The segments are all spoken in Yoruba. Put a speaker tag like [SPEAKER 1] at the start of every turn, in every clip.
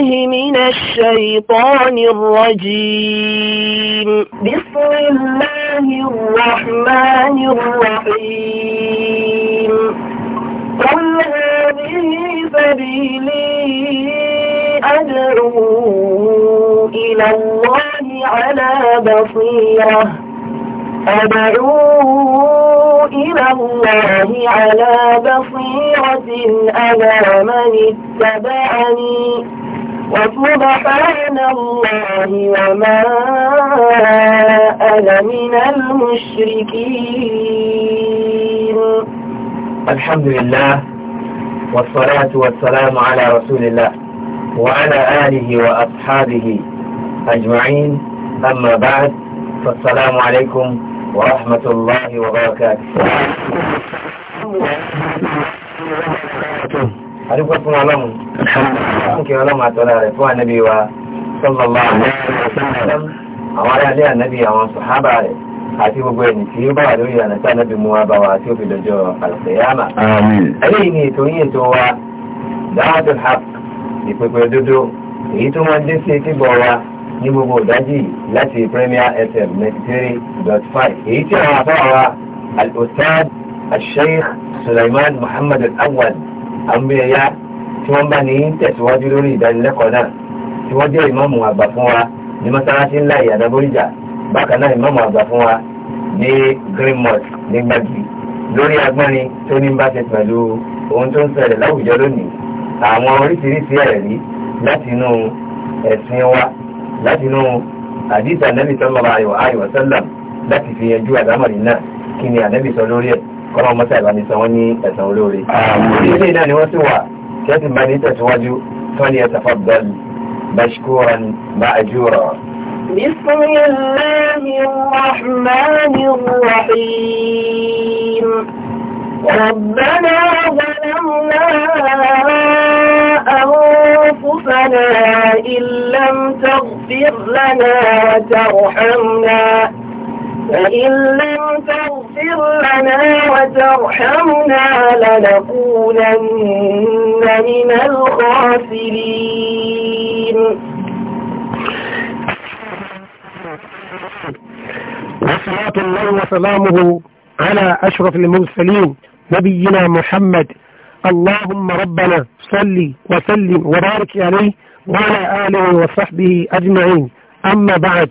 [SPEAKER 1] الله من الشيطان الرجيم بسم الله الرحمن الرحيم قل هذه سبيلي أدعو إلى الله على بصيرة أدعو إلى الله على بصيرة أنا من اتبعني وسبحان الله وما أنا من المشركين
[SPEAKER 2] الحمد لله والصلاة والسلام على رسول الله وعلى آله وأصحابه أجمعين أما بعد فالسلام عليكم ورحمة الله وبركاته àdúgbò fún ọlọ́run fún kí ọlọ́run àtọ́lá rẹ̀ fún ànábì wa sọ́lọ́lá àwọn aráàlú ànábì àwọn sàhábà rẹ̀ àti gbogbo ẹni tí ó bá wà lórí ànàtà ànábì mú wa bá wa tí ó fi dọjọ́ àlùfẹ́yàmà. eléyìí ni ètò yìí ètò wa dáhàtò hap ìpèpè òdodo èyí tó máa ń dé sí etí bọ̀ wa ní gbogbo ìdájì láti Premier FM ninety three dot five èyí tí àwọn afọ́ al-ustad al-sheikh Sulaiman Muhammad al àwọn ẹ̀yà tí wọ́n bá ní tẹ̀síwájú lórí ìdánilẹ́kọ̀ọ́ náà tí wọ́n jẹ́ ìmáàmù àgbà fún wa ní mọ́sálásí ńlá ìyàdá bóríjà bákan náà ìmáàmù àgbà fún wa ní green mosque ní gbàgì lórí agbọ́nrin tó ní bá ṣe pẹ̀lú ohun tó ń ṣẹlẹ̀ láwùjọ lónìí àwọn oríṣiríṣi ẹ̀rí láti inú ẹ̀sìn wa láti inú àdìsí ànábì sallallahu alaihi wa sallam láti fi yanjú àdámọ̀rin náà kí ni ànábì lórí ẹ̀ ọlọ́run mọ́tà ìbáni san wọ́n ní ẹ̀sán olóore. ilé náà ni wọ́n sì wà tí wọ́n ti bá ní tẹ̀síwájú tí wọ́n ní ẹ̀sán fàbẹ́lì bashkuran ma'ajura.
[SPEAKER 1] بسم الله الرحمن الرحيم ربنا ظلمنا أنفسنا إن لم تغفر لنا وترحمنا فإن لم تغفر لنا ترحمنا لنكونن من الخاسرين وصلاة الله وسلامه على أشرف المرسلين نبينا محمد اللهم ربنا صل وسلم وبارك عليه وعلى آله وصحبه أجمعين أما بعد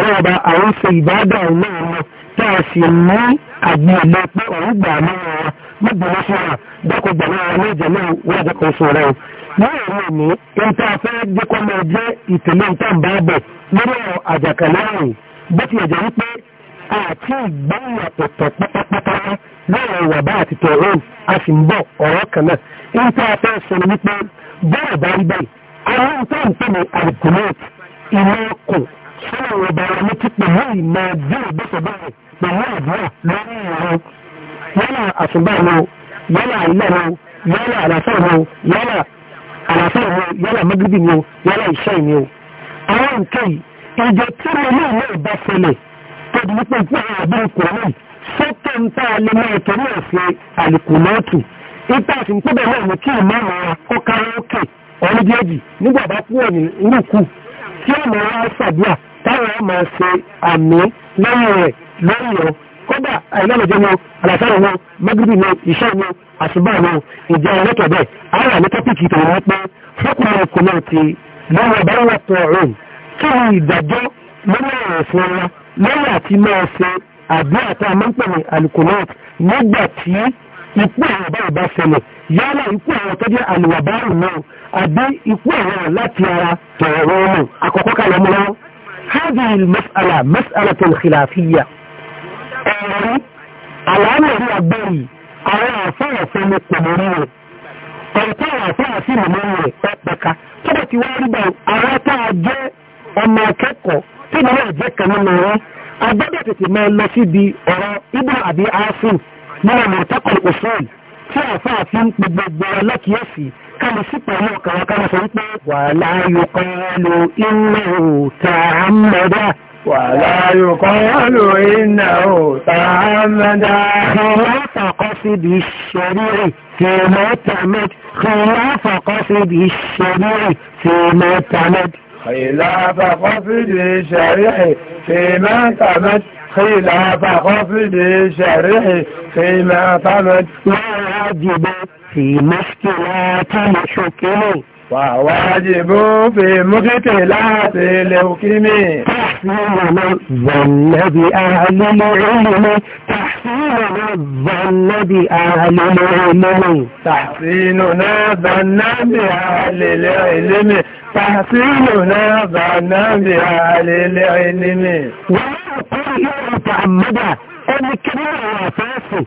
[SPEAKER 1] ọlọ́ọ̀bá àwọn ṣe ìbádà náà lọ tá a sì ní àgbẹ̀ pé òun gbà lọ́wọ́ wọn níbùdó síra dákò gbà wọn lẹ́jẹ̀ náà wọ́n jẹ́ kó sùn rẹ̀ o. ní ìlú mi ohun tá a fẹ́ dékọ́ máa jẹ́ ìtẹ̀lé ìta a sì ń bọ̀ ọ̀rọ̀ kan náà. ohun tá
[SPEAKER 2] a
[SPEAKER 1] fún àwọn ọba wa létí pẹ̀lú ìmọ̀ bí pẹ̀lú àdúrà lórí ìrọ̀ yálà àṣùbà wọn yálà ilẹ̀ wọn yálà àlàfẹ́ wọn yálà àlàfẹ́ wọn yálà mẹ́gídì wọn yálà ìṣẹ́ ìní o. àwọn nǹkan yìí ìjọ tí mo ní ìlú ìpín àwọn àbúrò a lè máa àlùkò náà tù táwọn ẹ̀ máa ṣe àmì lẹ́yìn rẹ̀ lórí rẹ̀ kódà àìlọ́lọ́jọ́ wọn àlàfáà wọn magribi wọn iṣẹ́ wọn àṣùbà wọn ìjọ ọlọ́tọ̀ bẹ́ẹ̀ àwọn àmì tọ́pìkì tó wọ́n pé fọ́kùnrin ọkùnrin ti lọ́wọ́ bá wà tó ọ̀rùn kí ni ìdájọ́ lórí ọ̀rọ̀ fún wa lẹ́yìn àti máa ṣe àbí àtà amọ́pẹ̀lẹ̀ alukonot nígbà tí ikú àwọn ọba ọba ṣẹlẹ̀ yálà ikú àwọn tó jẹ́ àlùwàbárù náà àbí ikú àwọn láti ara tọ̀rọ̀ ọmọ àkọ́kọ́ هذه المسألة مسألة خلافية العمل هو الدري على عصايا سنة كمرية ọ̀tọ́ àfáà sí mọ̀mọ́ rẹ̀ pẹ́pẹ́ka tó bá ti wá rí bá ara tá a jẹ́ ọmọ akẹ́kọ̀ọ́ tí mo náà jẹ́ kan nínú wọn agbọ́dọ̀ tètè máa lọ síbi ọ̀rọ̀ ibà àbí aásùn nínú àmọ̀tẹ́kọ̀ọ́ òṣèlú tí àfáà fi ń pe gbogbo alákìyèsí ولا يقال إنه تعمد ولا يقال إنه تعمد خلاف قصد الشريع في معتمد خلاف قصد الشريع في معتمد خلاف قصد الشريع في معتمد خلاف قصد الشريع معتمد لا واجبات في مشكلات الحكمي وواجب في مقتلات الحكمي تحسين من ظن بأهل العلم تحسين من ظن بأهل العلم تحسيننا ظن بأهل العلم تحسيننا ظن بأهل العلم ولا تقل متعمدة، أن كلمة وفاسه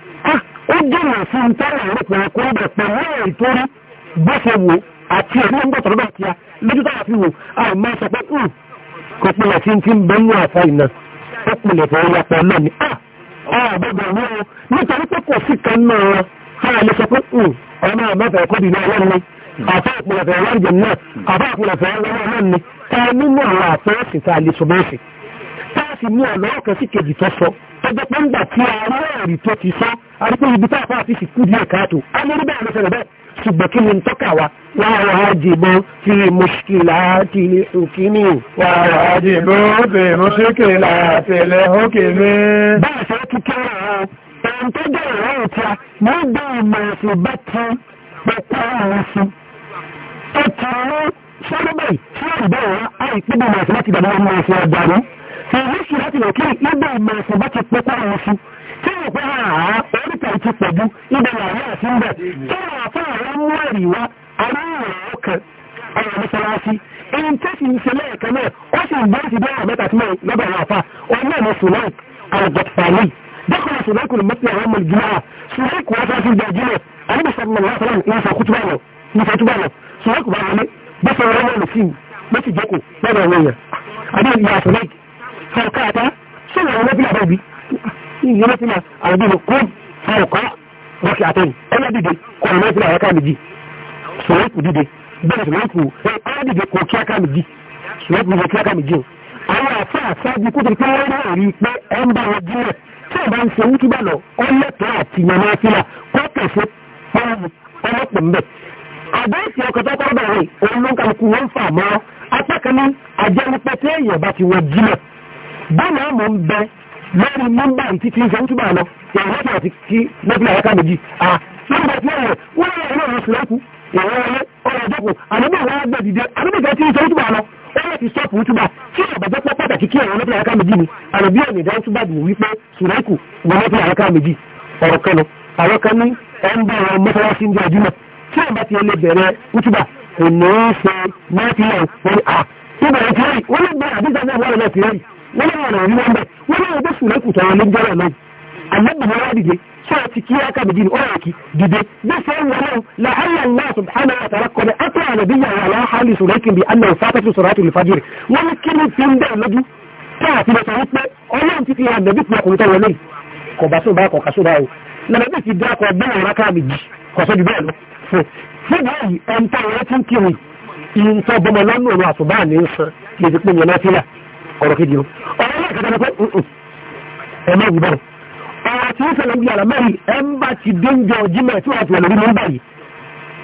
[SPEAKER 1] ó jẹ́nà fún tẹ́lẹ̀ rẹ̀pẹ̀ akọ́rọ̀bẹ̀ pẹ̀lú ẹ̀rí tó rí gbẹ́sẹ̀ wò àti ẹ̀rí ń gbọ́tọ̀ lọ́dọ̀ kíá lójú táwà fi wò àwọn máa sọ pé ń hmm, kò pinlẹ̀ sí ti ń bẹ́ ní àfa ìná ó pinlẹ̀ fẹ́ ya pẹ̀ náà ni àbọ̀dọ̀ ní o nítorí pé kò sí kan náà wọn káà lè sọ pé ń hmm, ọmọ àmọ́fẹ́ kó di náà lọ́nà àfa ìpìlẹ̀fẹ̀ ọlọ́njẹ̀ náà àfa ìpìlẹ̀fẹ̀ ọlọ́nà ni ẹ nínú àwọn àfẹ́ sì ní ọ̀nà ọ̀kan sí kejì tó sọ tó jẹ́ pé ńgbà tí ara ẹ̀rí tó ti sọ arúgbó ibi tá a fà ti sì díẹ̀ káàtó amúrú bẹ́ẹ̀ ló fẹ́rẹ̀ ṣùgbọ́n kí ni ń tọ́ka wa wàá wájibọ́ fi mùṣkìlá ti lè òkè ní. wàá wájibọ́ ti lè òkè bẹ́ẹ̀ ṣe ti kí ọ̀rọ̀ ẹ̀ǹ ti pẹ̀pẹ́ ọ̀rọ̀ sí. ó ti bẹ́ẹ̀ tí ó bẹ̀rẹ̀ èyí sì láti lọ kí nígbà ìmọ̀ ẹ̀sìn bá ti pẹ́ kọ́ra wọn sí tí wọ́n pẹ́ àá oríta ìtì pẹ̀lú ibẹ̀ làwọn àti ń bẹ̀ tí wọ́n fún àwọn mú ẹ̀rí wa aráàlú ọkàn ọ̀rọ̀ mọ́sálásí èyí tó sì ń ṣe lẹ́ẹ̀kan náà ó sì ń bọ́ sí bí ọ̀rọ̀ mẹ́ta tí wọ́n lọ́bẹ̀ àwọn àfà òun náà lọ sùn náà àlùbọ̀tàlì دخل سلاك المسجد يوم الجماعة سلاك وفاة الجاجلة النبي صلى الله عليه وسلم ينفع كتبانه ينفع كتبانه سلاك بعمل بس ورمى المسلم بس جاكو ما بعمل أبي يا fọ̀ọ̀kàtà ṣé ìwọ̀n ló bí àbẹ́bí ìyẹn ló fi máa àbí ló kó fọ̀ọ̀kà rọ́kì àtẹ́yìn ọlá dìde kò ní mẹ́fìlà ọ̀ká méjì sọ̀rọ̀kù dìde bẹ́ẹ̀ sọ̀rọ̀kù ọlá dìde kò kí aká méjì sọ̀rọ̀kù kò kí aká méjì o àwọn àfẹ́ àṣáájú kó tó pé wọ́n náà rí i pé ẹ ń bá wọn jílẹ̀ tí ẹ bá ń ṣe wútúbà lọ ọlẹ́tọ̀ àti yàmá fílà kó kẹsẹ̀ pọ́nmù ọlọ́pọ̀ mbẹ̀. àbẹ́ẹ̀tì ọkọ̀ tó kọ́ bẹ̀rẹ̀ òun ló ń kàlùkù wọn fà mọ́ apá kan ní ajẹ́ wípé tí èèyàn bá ti wọ jílẹ̀ báwọn àmọ́ ń bẹ lórí nọ́mbà tí fi ń sọ ń túbà lọ ìrìn lọ́sọ̀ àti kí lọ́bí àyíká méjì à lọ́bà tí wọ́n rẹ̀ wọ́n rẹ̀ ìlú ọ̀rọ̀ ìsìlẹ́kù ìwọ̀n ọ̀rẹ́ ọ̀rọ̀ ìjọ́kù àdúgbò wọn á gbẹ̀dìde àdúgbò tí ń sọ ń túbà lọ ó rẹ̀ ti sọ fún túbà tí ìbàjẹ́ pọ́ pàtàkì kí ẹ̀rọ lọ́bí àyíká méjì ni àròbí lè gbé àdúgbò náà wọ́n lè ti rí wani yana wani wanda wani yana da sunan kuta wani gara nan annabi ne ya dide so a ciki ya ka bijin ora ki dide da sai wannan la halla Allah subhanahu wa ta'ala qad ata nabiyya wa la hali surakin bi annahu fatatu suratul fajr wani kini tin da laju ta ti da sai pe Ọlọ́run ti fi ya nabi ko ko ta wani ko ba so ba ko kaso da o na nabi ọ̀rọ̀ kejì o ọ̀rọ̀ náà kẹta ni pé ẹ má wùbọ̀ ọ̀rọ̀ tí ó ṣẹlẹ̀ ń bí àlàmọ́ yìí ẹ ń bá ti dénjọ jímẹ̀ tí wọ́n ti wọ̀ lórí nọ́mbà yìí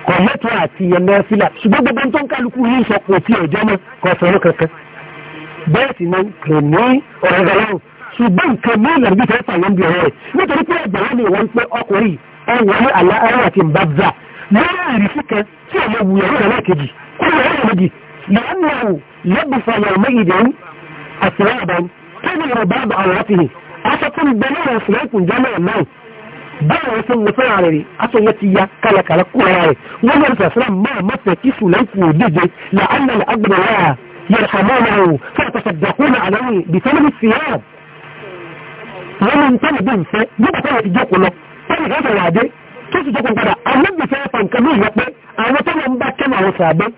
[SPEAKER 1] kọ̀ lẹ́tọ̀ àti ẹ̀mẹ́ fílà ṣùgbọ́n gbogbo tó ń kálukú yìí sọ kò tí ọjọ́ mọ́ kọ sọ̀rọ̀ kankan bẹ́ẹ̀ sì ni kò ní ọ̀rọ̀ ọlọ́run ṣùgbọ́n nǹkan ni wọ́n أثوابا تظهر بعض عورته أسكن بلنا سلاكم جمع معي báwọn tó ń lọ fẹ́ràn rẹ̀ rí aṣọ yẹn ti ya kálakàlà kú ara rẹ̀ wọ́n lọ́rọ̀ sàṣẹ́rà máa má fẹ́ kí sùlẹ́kù òdíje là á nà àgbẹ̀rẹ̀ wá yẹ̀rọ̀hàmọ́nà o fẹ́ẹ̀ tọ̀sẹ̀ dàkúnà àlọ́run bìtẹ́lẹ́mì fìyà wọ́n ní tẹ́lẹ̀ bí nfẹ́ nígbà tẹ́lẹ̀ ti jókòó lọ tẹ́lẹ̀ kẹ́sẹ̀ wà dé àwọn gbèsè àwọn tẹ́lẹ̀ àwọn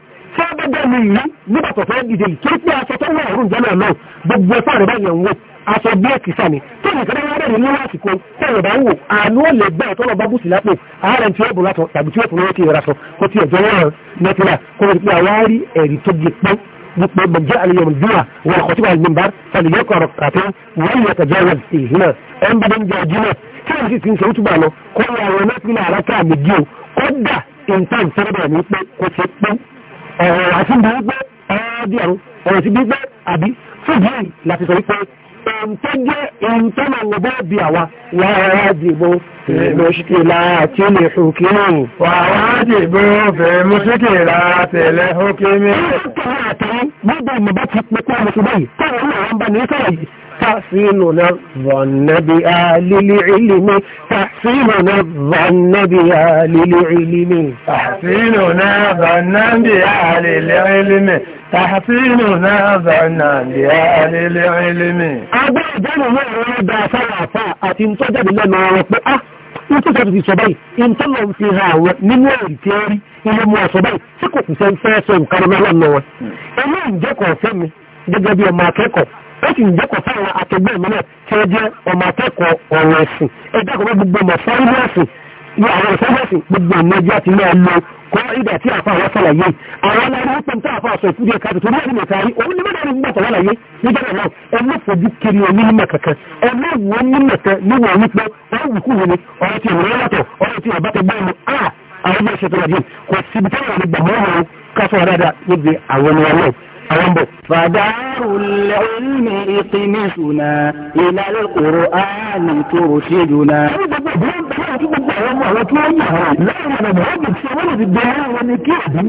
[SPEAKER 1] gbẹ̀mí yìí nígbà tó fẹ́ dìde yìí kí pé aṣọ tó wà ọ̀rùn jẹ́lẹ̀ náà gbogbo ẹ̀fọ́ rẹ̀ báyẹ̀ ń wò aṣọ bí ẹ̀kì sàmì tó nìkan náà rẹ̀ nínú àsìkò tẹ̀rẹ̀ bá ń wò àánú ò lè gbẹ́ tó lọ bá bùsì lápò ààrẹ tí ó bù látọ̀ tàbí tí ó fún lókè ìrasọ kó ti ẹ̀jọ́ wọn nẹ́tìlá kó lè pé àwa rí ẹ̀rí tó di pẹ́ wípé bẹ̀jẹ́ àlejò dúà wọn kò tí wà ní bá tàbí yẹ kọ̀rọ̀ kàtó wọ́n yẹ kẹjọ́ wọn sí ìhìnà ẹ̀ ń bá ń jẹ ọjọ́ ti ọ̀rọ̀ àti bí wípé ọ̀rọ̀ bí ọ̀rọ̀ ọ̀rọ̀ sí wípé àbí fúdìí láti sọ wípé ohun tó jẹ́ ohun tó máa ń bọ́ bí àwa wàá dìbò mọ̀ṣíkìlá tí ó lè fòkè náà. wàá dìbò fẹ́ mọ̀ṣíkìlá tẹ̀lé hókè mi. تحسننا الظن بآل العلم تحسننا الظن بآل العلم تحسننا الظن بآل العلم تحسيننا ظنا بآل العلم أبا جانا ما أرد سلافا أتنتجد لما وطبعه ìtọ́sọ̀tọ̀ ti sọ báyìí ìtọ́lọ̀ ń fi ha àwọn nínú ẹ̀rí tí ó rí ilé mú ọ̀sọ̀ báyìí tí kò kù sẹ́ ń fẹ́ sọ nǹkan ọmọ ọlọ́nà wọn. ẹ̀mí ìjẹ́kọ̀ọ́ fẹ́ mi gẹ́gẹ́ bí ọmọ akẹ́kọ̀ọ́ ó sì ń jẹ́kọ̀ fáwọn akẹgbẹ́ mi náà tí ó jẹ́ ọmọ akẹ́kọ̀ọ́ ọ̀rọ̀ ẹ̀sìn ẹgbẹ́ àkọ́kọ́ gbogbo ọmọ fáwọn ẹ̀sìn ní àwọn ìfẹ́fẹ́sìn gbogbo ọmọ ẹjọ́ àti ilé ọmọ kọ́ ìgbà tí àfa àwọn sàlàyé àwọn aláwọ̀ ó pẹ̀lú àfa àṣọ ìfúdi ẹ̀ka tó lórí ìmọ̀ kárí òun ní mẹ́ta ní gbogbo àtàwọn àlàyé nígbà náà ẹmọ fojú kiri omi nímọ̀ kankan ẹmọ ìwọ nímọ̀ kan níwọ̀ wípé ọ̀rọ̀ ìkú wọn ni ọ̀rọ̀ ti ìwọ̀n lọ́tọ̀ ọ̀rọ̀ ti ìwọ̀n bá ti gbọ́ ẹnu ah! àwọn ọmọ ìṣètò rẹ̀ kò síbi táwọn àgbà mọ́ àwọn bò. فدار العلم اقمسنا إلى القرآن ترشدنا Àwọn àwọn tí wọ́n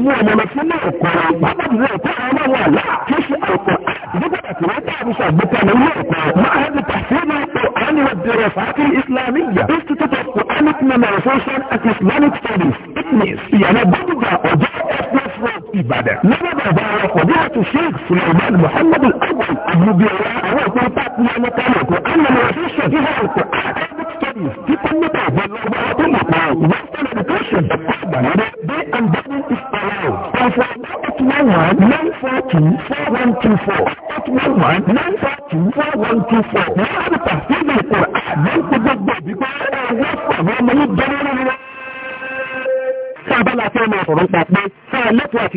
[SPEAKER 1] yà rẹ̀ àwọn ni Quran والدراسات الإسلامية Institute of Quranic Memorization and Islamic Studies ITNIS ìyànà gbọ́dúgba ọjọ́ express road Ìbàdàn lọ́wọ́ bàbá wa kọ̀dúrà tó Sheikh Suleiman Muhammad Al-Awwal Abubiola àwọn òkú pàtó ọmọ kálọ̀ Quran memorization ìhà òkú Arabic studies títọ́ nípa ìbọn lọ́wọ́ tó mọ̀ pọ̀ Western education ẹ̀kọ́ àgbàlódé day and morning is allowed. Ọ̀fọ̀ eight one one nine four two four one two four eight one one nine four two four one two four.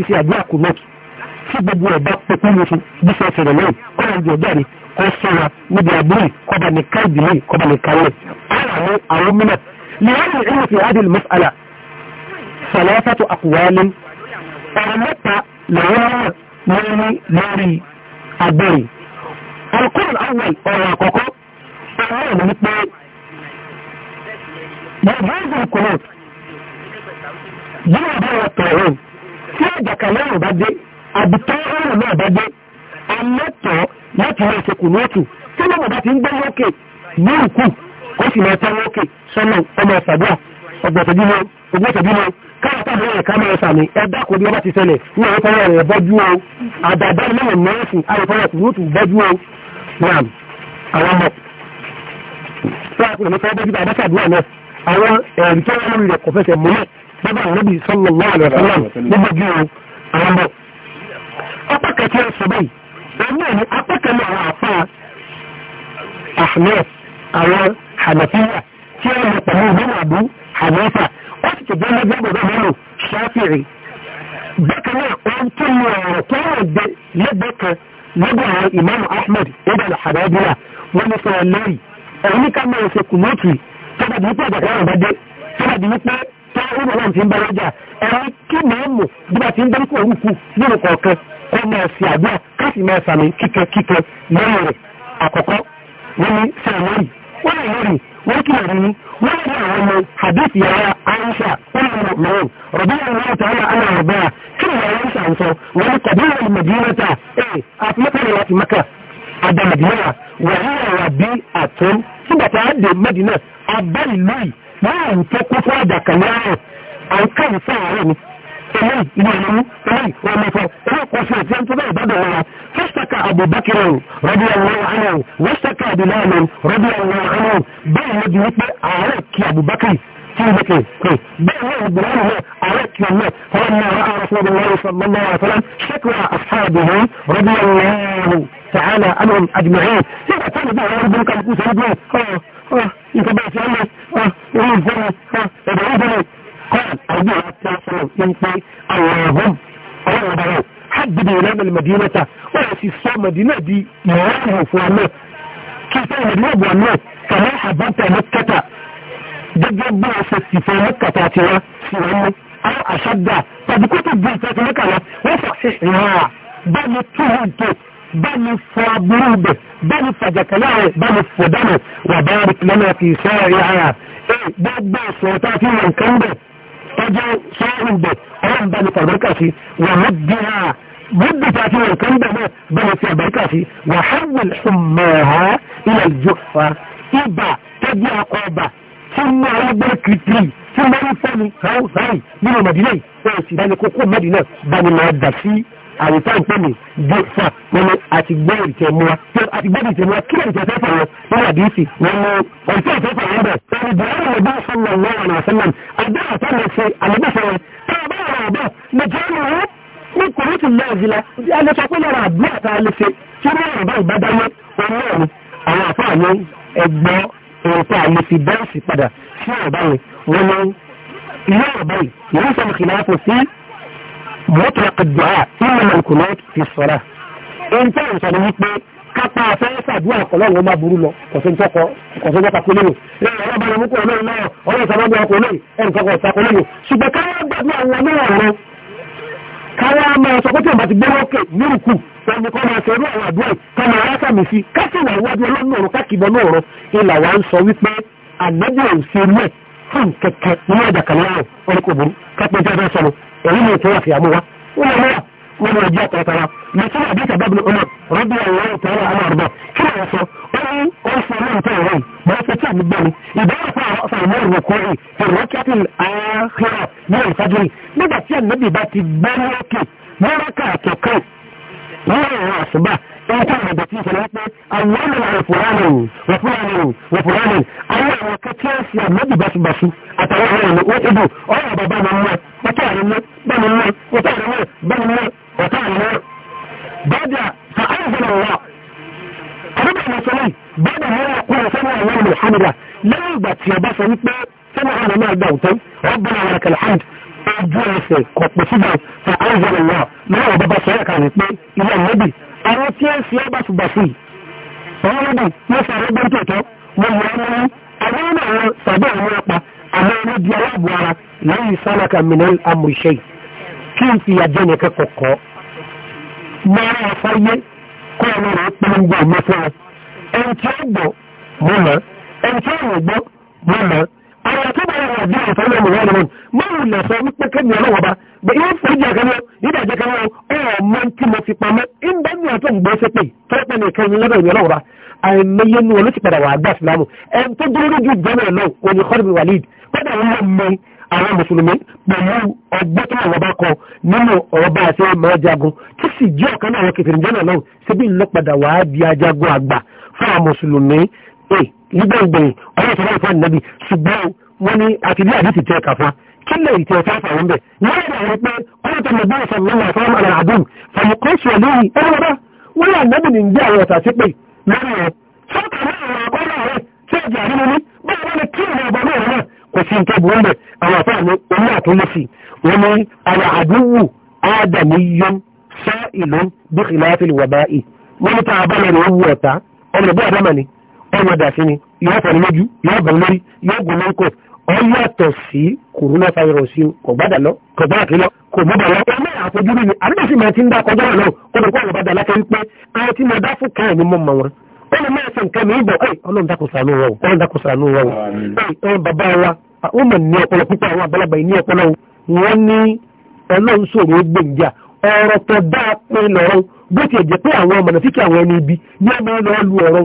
[SPEAKER 1] ṣe àdúrà kò náà tí gbogbo ẹ̀dá pẹ̀pẹ́ mi fún bí sọ ṣẹlẹ̀ lẹ́yìn kọ́ra ìjọ ọ̀dọ́ rẹ̀ kọ́ sọ́ra níbi àbúrò kọ́ba ní káàdì lẹ́yìn kọ́ba ní káwọ́ àwọn àwọn mímọ̀ lẹ́yìn ìlú fi adìl mas'ala salasatu aqwalin ọ̀rọ̀ mẹ́ta làwọn lórí lórí abẹ́rẹ́ alukóòlù yóò bá ìgbà kọ́nọ̀t tí àjàkálẹ̀ àrùn bá dé àbùtọ́ àrùn náà bá dé amẹ́tọ̀ láti máa ṣe kùnúùtù tí lọ́mọ bá ti ń gbé lókè lórúkù ó sì máa tẹ́ lókè sọ́nà ọmọ ìsàdúrà ọgbọ̀tọ̀dúnmọ́ ọgbọ̀tọ̀dúnmọ́ káàkiri ẹ̀ka máa sàmì ẹ̀dá kò ní ọba ti ṣẹlẹ̀ ní àwọn fọwọ́ rẹ̀ bọ́jú o àdàdà náà mẹ́rin àwọn fọwọ́ kùnú ọmọ tó àkùnrin bàbá ànábì sallallahu alaihi wasallam níbi bí o àwọn bọ̀. apá kẹtẹ sọ bẹ́ẹ̀ ẹgbẹ́ ni apá kẹlẹ àwọn àpá ahmed àwọn hanafiya tí wọ́n lè pẹ̀lú ìgbọ́n àbú hanifa ó sì tẹ̀gbẹ́ lẹ́gbẹ́ gbọ́dọ̀ mẹ́lò ṣáfìrì bákan náà ohun tó mú ọ̀rọ̀ tó wà dé lẹ́gbẹ́ kan lọ́dọ̀ àwọn ìmáàmù ahmed ibn al-hadabiya wọ́n ní sọ̀rọ̀ lórí ọ̀rọ̀ ní ká máa ṣe kùnúùtì tó bá di wípé àgbàdo àgbàdo tó bá ẹ̀rọ náà ti ń bá lọ́jà ẹ̀rọ kí máa mọ̀ bí wọ́n ti ń dáríkọ̀ orúkú nínú kọ̀ọ̀kan kọ́ máa ṣe àdúrà káàsì máa sàmì kíkẹ́ kíkẹ́ lọ́rọ̀ rẹ̀ àkọ́kọ́ wọ́n ní sàmúrì wọ́n lè lórí wọ́n kí lè rí wọ́n lè àwọn ọmọ hadith yàrá aisha wọ́n lè mọ̀ rọ̀bí àwọn ọmọ tààlà àwọn ọ̀bá kí lè àwọn aisha ń sọ wọ́n ní kọ̀bí àwọn mẹ̀dínlẹ́ta ẹ̀ àfimọ́tàlẹ̀ láti mẹ́kà adamadinara wọ́n yàrá bí àtún nígbàtà á dé mẹ́dínà abá ìlú yìí báà ń tó kún fún àjàkálẹ̀ àrùn à ń kàn fún àárẹ̀ ni eléyìí ilé ìlú eléyìí wọn mọ fún wọn kò sí èsì ẹni tó bá ìbàdàn wọn fẹsítàkà Abubakar rọbì ọwọn àná wẹsítàkà abilọ́ọ̀lù rọbì ọwọn àná bẹ́ẹ̀ ló di wípé àárẹ̀ kí Abubakar tí ó lókè pé bẹ́ẹ̀ náà ìgbìmọ̀ náà àárẹ̀ kí ọmọ wọn mọ àárẹ̀ fún ọmọ wọn sọlọ lọ́wọ́ àfọlá ṣẹkùrà àfáàbùhún rọbì ọwọn àná tààlà àná àjùmọ̀ يتبع سؤالي اه يريد ذنبي اه يدعوذني قال أرجوها التاسم ينفي اللهم الله بغير حد بإمام المدينة ويسي الصوم مدينة دي يوانه فوانه كيف المدينة بوانه كما حبنت مكة جد ربنا سيستفى مكة تاتيها سيوانه أو أشد طب كنت بلتات مكة وصحيح بني تهنتو بني فابروبه bá mi fàjàkálẹ̀ rẹ̀ bá mi fòdánù wà bá rí lọ́nà fi sọ́ọ̀ rí ara ẹ̀ gbogbo ìṣòro tá a fi wọn kan bẹ̀ tọ́jú sọ́ọ̀rù bẹ̀ ọlọ́run bá mi fàbẹ́kà sí في وحول حماها إلى الجحفة ايبا تجي عقابة ثم عبر كتري ثم يفني هاو هاي من المدينة ويسي بني كوكو مدينة بني مادة àwùjọ ìpínlẹ̀ gbèsà wọn ni àti gbé ìtẹ̀ mú wa àti gbé ìtẹ̀ mú wa kí ìtẹ̀ fẹ́ fọwọ́ wọn wà díìsì wọn mú ọ̀tẹ̀ ìtẹ̀ fọwọ́ bẹ̀. ẹni bùrọ̀dì lè bá sọ́nà lọ́wọ́ náà sọ́nà àdá àtọ́ lè ṣe àlébùfẹ́ wọn tá a bá wà ọ̀bọ̀ lè jẹ́ ẹni wọn ní kòrò ti lọ ìzìlá ẹni sọ pé lára àdúrà tá a lè ṣe tí wọn yà bá ìbá dáná ọlọ́run àwọn àfáà ní مطلق الدعاء إنما الكنوت في الصلاة انت انسان wípé kápá afẹ́ sàdúrà kọlọ́run ọmọ aburú lọ kọ̀sẹ̀ntọ́kọ̀ kọ̀sẹ̀ntọ́kọ̀lẹ́yìn ẹ̀rọ ọlọ́bàá ọmọkùn ọlọ́run náà ọlọ́run sàbọ́gbọ̀ ọkùnrin ẹ̀rùkọ̀kọ̀ ìsàkọlẹ́yìn ṣùgbọ́n káwọn gbàdúrà wọn náà rẹ káwọn ọmọ ẹ̀sọ́ pé tí ọba ti gbé lókè nírùkù pẹ̀lú kọ́ máa ṣerú àwọn àdúrà kọ́ máa rákà mí sí kásìwà iwájú ọlọ́run ọ̀rọ̀ kákìbọn náà rọ ilà wa ń sọ wípé àgbẹ̀bẹ̀ òṣèlú ẹ̀ fún kẹ̀kẹ́ nínú ẹ̀dà kan láàrọ̀ ọ̀rọ̀ kò burú kápẹ́ tí a fẹ́ sọ̀rọ̀ èyí ni ìtura fi àmúwa wọn lọ wọn lọ jẹ àtàkàrà lọsí àbí tàbí ọmọ rọbì àwọn ìtàn àwọn àrùbọ kí ni wọn sọ ó ní ó ń sọ náà nǹkan ìrọyìn bó ṣe tí àmì gbẹmí ìbéèrè fún àwọn ọfàlùmọ ìwò kúrò ìrọkẹtì àhírà ní ìfájú yìí nígbà tí ànábì bá ti gbẹ ní òkè mọ́ráká àtọ̀kọ́ lọ́wọ́ àwọn àṣùbà ẹ̀ka àgbà tí ìṣẹ̀lẹ̀ pé àwọn ọmọ ìfúránì ìfúránì ìfúránì àwọn àwọn akẹ́kẹ́ sí ànábì báṣubàṣu sọ wípé sọ́nà àwọn ọmọ ẹgbẹ́ ọ̀tọ́ ọba àwọn akẹlẹ́hànd ojú ẹsẹ̀ kọ̀pọ̀ síbẹ̀ fún àwọn ọmọ náà ọba bá sọ́yà kan pé ilé ìlẹ́bì àwọn tí ó fi ọba ṣùgbà sí ọmọ náà wọ́n fi àwọn ọgbọ́n tòótọ́ wọ́n mú ọmọ àwọn ọmọ wọn tàbí àwọn ọpa àwọn ọmọ di aláàbò ara lẹ́yìn sálàkà mìíràn amòṣe kí n fi àjẹ́ bọ́ọ̀lù àwọn tó bá yàrá àjẹ́ ìfọ́nà ìwà ìrìn mọ́rù nà sọ wípé kébì ọlọ́wọ́ bá bẹ yóò fún ìjà lọ nígbà jẹ́ kan ọ̀rọ̀ mọ́ tí mo fi pamọ́ ìgbà ní àtọ́ ìgbà ó sépè tọ́pẹ́ ní ìkẹyìn lọ́dọ̀ ìwà ọlọ́wọ́ àìmọye nu olóṣì padà wà àgbà ìsìlámù ẹn tó dúró lójú ìjọba náà òní Khalid bin Walid padà wọn lọ àwọn mùsùlùmí pẹ̀lú ọgbẹ́ tó wà bá nínú ọ̀rọ̀ àti ọmọ ajagun tó sì jẹ́ ọ̀kan náà wọn kẹfìrìjọ́ náà náà ṣebí ńlọ padà wà á di ajagun àgbà fún àwọn mùsùlùmí nígbà ìgbẹ̀yìn ọlọ́run sọ́dọ̀ fún ànàbì ṣùgbọ́n wọ́n ní àti bí àdìsí tẹ kàfá kí lè tẹ fáfà wọn bẹ̀ nígbà ìgbà pé ọlọ́run tó lè bá ọ̀sán lọ́wọ́ àfọ́n àlà àdùn fàmùkọ́ sí ẹ̀ lórí ẹni bàbá wọ́n ní ànàbì ní ìgbé àwọn ọ̀tà sí pé lórí ẹ̀ sọ́kà náà àwọn akọ́lá rẹ̀ tí ẹ̀jẹ̀ àdínú ní báwo ni kí ìwọ̀n ọ̀bọ̀ náà náà kò sí nǹkan burú omi àtúnlẹ̀sì wọn ní àlà àdúwù ádámíyọ́n sá ìlú bí kìláfìlì wàbáì wọ́n ní tá a bá lẹ́nu wù ọ̀tá ọmọ ìgbé àdámà ni ọmọ dàsí ni yóò pọ̀ ní lójú yóò gbọ̀n lórí yóò gùn lórí ọ sí kòrónà fáyọrọ̀sì kò gbádà lọ kò gbádà kí lọ kò gbádà lọ. ọmọ àfojú mi ni máa ti ń dá kọjá náà ó lè kó àwọn bàdà láti wípé àwọn tí mo dá fún kẹ́hìn ni mo mọ wọn. ó lè máa ṣe ọlọ́run dákun ṣàánú ọlọ́run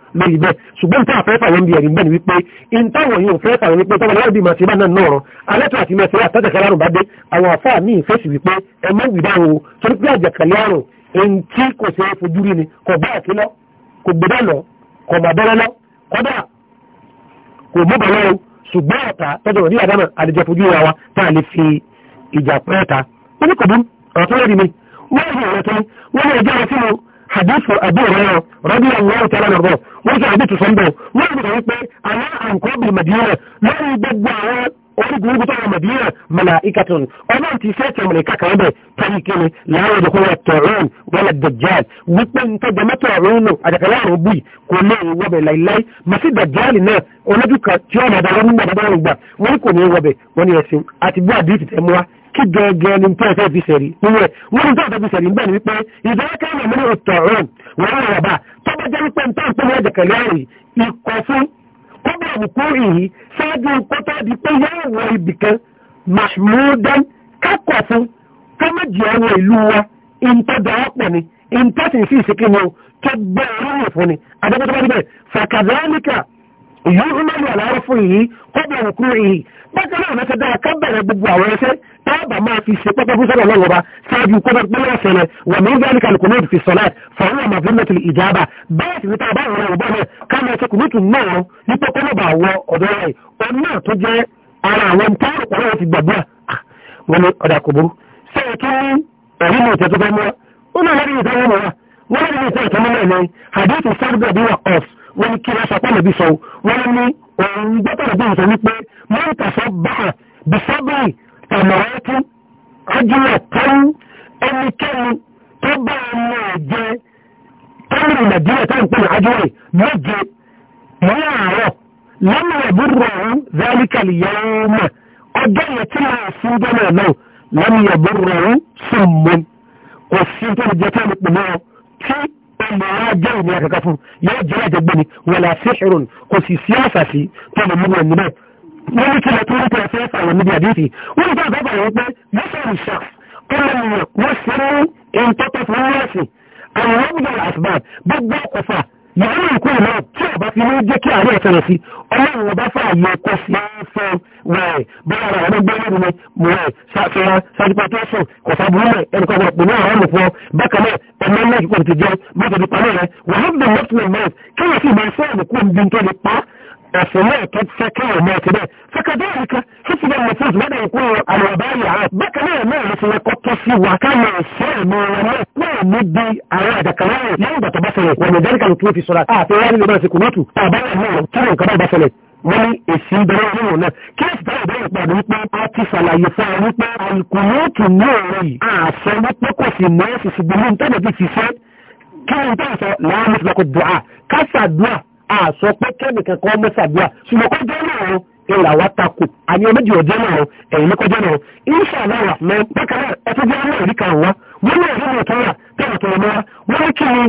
[SPEAKER 1] lórí bẹ́ẹ̀ ṣùgbọ́n tí a fẹ́ fàwọn bí ẹ̀rí bẹ́ẹ̀ ni wípé in táwọn yóò fẹ́ fàwọn wípé tọ́wọ́ láwọn bí màtí bá náà náà rán alẹ́tọ̀ àti mẹ́sẹ̀ àtàjàkálẹ̀ àrùn bá dé àwọn àfáà ní ìfẹ́sì wípé ẹ mọ́ ìgbìdá o torí pé àjàkálẹ̀ àrùn ẹni tí kò ṣe é fojú rí ni kò bá àti lọ kò gbẹdẹ lọ kò má bẹ́rẹ́ lọ kódà kò mú bàlẹ́ o ṣùgbọ́n ọ̀tá tọ́jọ́ hadithu abu rẹ̀ rọ́bí ọlọ́run tí aláàrẹ̀ rọ̀ wọ́n sì àbí tùsọ̀ ń bọ̀ wọ́n sì sọ wípé àlá àǹkọ́bì màdínà lórí gbogbo àwọn orígun orígun tó wà màdínà malaikatun ọlọ́run ti fẹ́ tẹ̀ mọ̀lẹ́ká kan bẹ̀ kárí kiri láàrin ìdókò wà tọ̀rọ̀n wọlé dajjal wípé ń tọ́jà mẹ́tọ̀ ọ̀rọ̀ nù àjàkálẹ̀ àrùn bùi kò lè wọbẹ̀ láìláì màsí dajjal náà olójú kan tí ó mọ̀ dáwọ́ nígbà kí gẹ́gẹ́ ni tí ẹ̀fẹ́ fi sẹ̀rí nínú ẹ̀ wọ́n ní tọ́ọ̀tọ́ fi sẹ̀rí ń bẹ̀ ní wípé ìdọ́wọ́kẹ́ ìmọ̀ mẹ́rin òtọ̀ ọ̀rùn wọ́n rẹ̀ bá tó bá jẹ́ wípé ń tọ́ọ̀tọ́ ní ẹ̀jẹ̀ kẹ̀lẹ́ ikọ̀ fún kọ́bọ̀ òkú ìhì ṣáájú kọ́tọ́ di pé yóò wọ ibì kan mahmudan kákọ̀ fún kọ́mọ̀jì ọwọ́ ìlú wa ìntọ́dọ̀ ọ̀pọ̀ ni ìntọ́sì sí ìsìnkí ni tó gbọ́ ọ̀rọ̀ fún ni adébótọ́ bá débẹ̀ fàkàdánìkà ìyóò ń lọ́lọ́ àlárọ̀ fún ìyí kọ́bọ̀ òkú ìhì bákan táàbà máa fi ṣe pẹ́pẹ́ fún sọ́dọ̀ ọlọ́run ọba ṣáájú kọ́dọ̀ pé wọ́n ṣẹlẹ̀ wà ní ìgbà nìkan kò lóòdù fi sọ̀lá fọ̀rọ̀ àmà fún mẹ́tìlì ìjábà bẹ́ẹ̀ sì ní tá a bá ìrọ̀rùn ọba náà ká máa ṣe kùnúùtù náà ní pọ́kọ́ náà bá wọ ọ̀dọ́ rẹ̀ òun náà tó jẹ́ ara àwọn táàrù pọ̀ láti gbàdúrà ah, wọn ni ọ̀dà kò burú ṣé ẹ tún ẹ̀rí mọ̀ wọ́n kí wọ́n sọ lẹ́bí sọ wọ́n ní òun gbọ́tọ̀ lẹ́bí sọ wípé mọ́ǹtà sọ bá bisábìrì ìmọ̀wákú ájúlọ̀ kọ́rú ẹnikẹ́ni tó bá ọmọ ẹ̀jẹ̀ tẹ́lẹ̀ nàìjíríà tó ń pè ájúlẹ̀ méje láàárọ̀ lọ́nà ìbúrò ọ̀hún zálíkàlì yẹ́ọ́mà ọjọ́ yẹn tí máa fún jọ́nà náà lọ́nà ìbúrò ọ̀hún sùn mọ́ kò sí tó lè jẹ́ tó lè pè náà tí ọmọ wa ìnira kankan fún yóò jẹ́ àjẹgbẹ́ni wọ̀lá síhìrùn kò sì sí àṣàṣì tó lè mú ẹni náà wọ́n ní kílẹ̀ tó ń pẹ̀ fẹ́ fàwọn níbi àdéhìí wọ́n ní bá bàbá yẹn pé mọ́sàn-án ṣàf ọlọ́run wọ́n ṣe mú ìǹtọ́tọ́ fún wọ́ọ̀sì àwọn ọ̀gbọ̀n àṣìbà gbogbo ọ̀fà yàrá ìkú ìlọ tí ọba fi ní jẹ́ kí àárẹ̀ ṣẹlẹ̀ sí ọlọ́run ọba fà yọ ọkọ sí fún rẹ̀ bọ́lá rẹ̀ ọmọ gbọ́lá mi mọ̀ rẹ̀ ṣàṣẹra ṣàdìpá tó sùn kò sábúrú rẹ̀ ẹnì kan gbọ́dọ̀ pè ní ọ̀rọ̀ àmùfọ́ bákan náà ẹ̀mọ́ náà kíkọ́ ti jẹ́ bọ́tò ti pa náà rẹ̀ wàhálà bẹ̀rẹ̀ lọ́tùmẹ̀ mọ́ kí wọ́n sì máa ṣe àmùkú omi tó lè pa العسلية قد سكاو ماتبا فكذلك حسب النفوس بدأ يكون الوبايع بكنا ما مثل قطسي وكما السلام وما مدي أراد كلام يوضع تبصلي ولذلك نطلو في صلاة آه تياري لما سكونوتو أبايا مو ترون كما بصلي wọ́n ní èsì ìbẹ̀rẹ̀ ọlọ́run náà kí ẹ̀sì bá ìbẹ̀rẹ̀ ìpàdé wípé a ti ṣàlàyé fún ọ wípé alùkùnrin ní ọ̀rọ̀ yìí àṣẹ wípé kò sí mọ́ ẹ̀sì ṣùgbọ́n ní tẹ́lẹ̀ ti fi ṣe kí ní tẹ́lẹ̀ sọ láàrín ìfìlọ́kọ̀ dùà kásà dùà àsọ pé kẹ́mìkan kan mọ́ sàdúrà ṣùgbọ́n kó jẹ́ náà wọn ìlà wa takò àní ọmọdé ọjọ́ náà wọn ẹ̀yìn ní kó jẹ́ náà insha Allah mọ bákan náà ẹtú jẹ́ náà rí kan wá wọ́n ní ẹ̀rí ọ̀tọ́ rà tẹ̀wọ̀ tẹ̀wọ̀ mọ́ wọ́n ní kí ni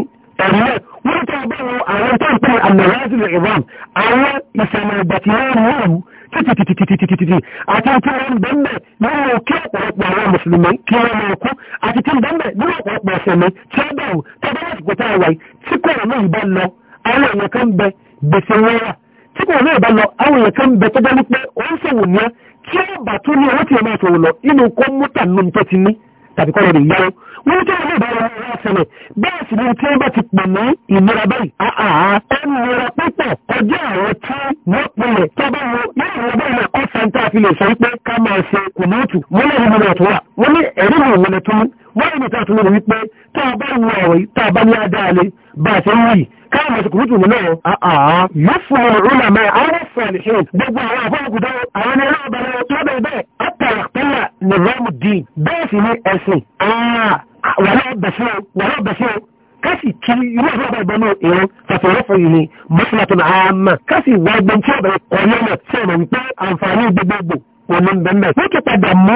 [SPEAKER 1] ẹ̀rí náà wọ́n ní tẹ̀wọ̀ báwo àwọn tó ń pè àmọ̀láàzì ìran àwọn ìsẹ̀mọ̀ ìgbàtí wọn mú òru títítítítítítítítí àti tí wọn bẹ́ẹ̀ nínú kí ọ̀pọ̀lọpọ̀ àwọn mùsùlùmí kí wọn máa kú àti tí bẹ́ẹ̀ nínú ọ̀pọ̀lọpọ̀ ọ̀sẹ̀ mi tí ó bẹ̀rù tọ́jú láti pẹ̀tẹ́ àwáyé tí kò wọ́n náà ìbá lọ àwọn èèyàn kan bẹ gbèsè wọn rà tí kò náà bá lọ àwọn èèyàn kan bẹ tó bá wípé ó ń sòwò ní tí ó bà tó ní owó tí ẹ máa sòwò lọ inú kó mútà nù tó ti ní tàbí kọ́ lọ́dẹ̀ ìyá wọn tó wọn náà bá wọn wá sẹlẹ̀ bẹ́ẹ̀ sì ni tí wọ́n bá ti pè ní ìnira báyìí àà púpọ̀ ọjọ́ àwọn tí wọ́n pinlẹ̀ tó bá wọn yóò wọ́n santa àfilẹ̀ sọ pé ká máa ṣe kùnúùtù wọ́n lè rí mi lọ́tọ̀ wà wọ́n ní ẹ̀rí mi ò wọlé tó wọ́n tá a bá wù ọ̀rọ̀ yìí tá a bá ní adáalé bá a ṣe ń wì káàmù ṣùkúrútù mú náà àà ah, yóò ah, ah. fún ọ̀rọ̀ rúnà mẹ́ àwọn fẹ̀lẹ̀ ṣe gbogbo àwọn àfọ́gùdá àwọn ẹlẹ́ ọ̀bẹ̀rẹ̀ lọ́bẹ̀ bẹ́ẹ̀ àtàràpẹ́lẹ̀ ní rọ́mù dín bẹ́ẹ̀ sì ní ẹ̀sìn wàlá bẹ̀ṣẹ́ kásì kí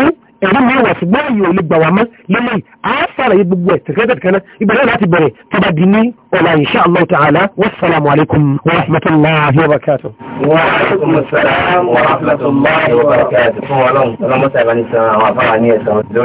[SPEAKER 1] irú ẹ̀rú mi wà ṣùgbọ́n ààyè ò gbà wá mọ́ lẹ́lẹ́ àásàlàyé gbogbo ẹ̀ tẹ̀kẹ́tẹ̀kẹ́ná ìbẹ̀rẹ̀ láti bẹ̀rẹ̀ tọ́ba di ní ọ̀la insha Allah ta'ala wassalamu alaikum wa rahmatullahi wa
[SPEAKER 2] barakatuh.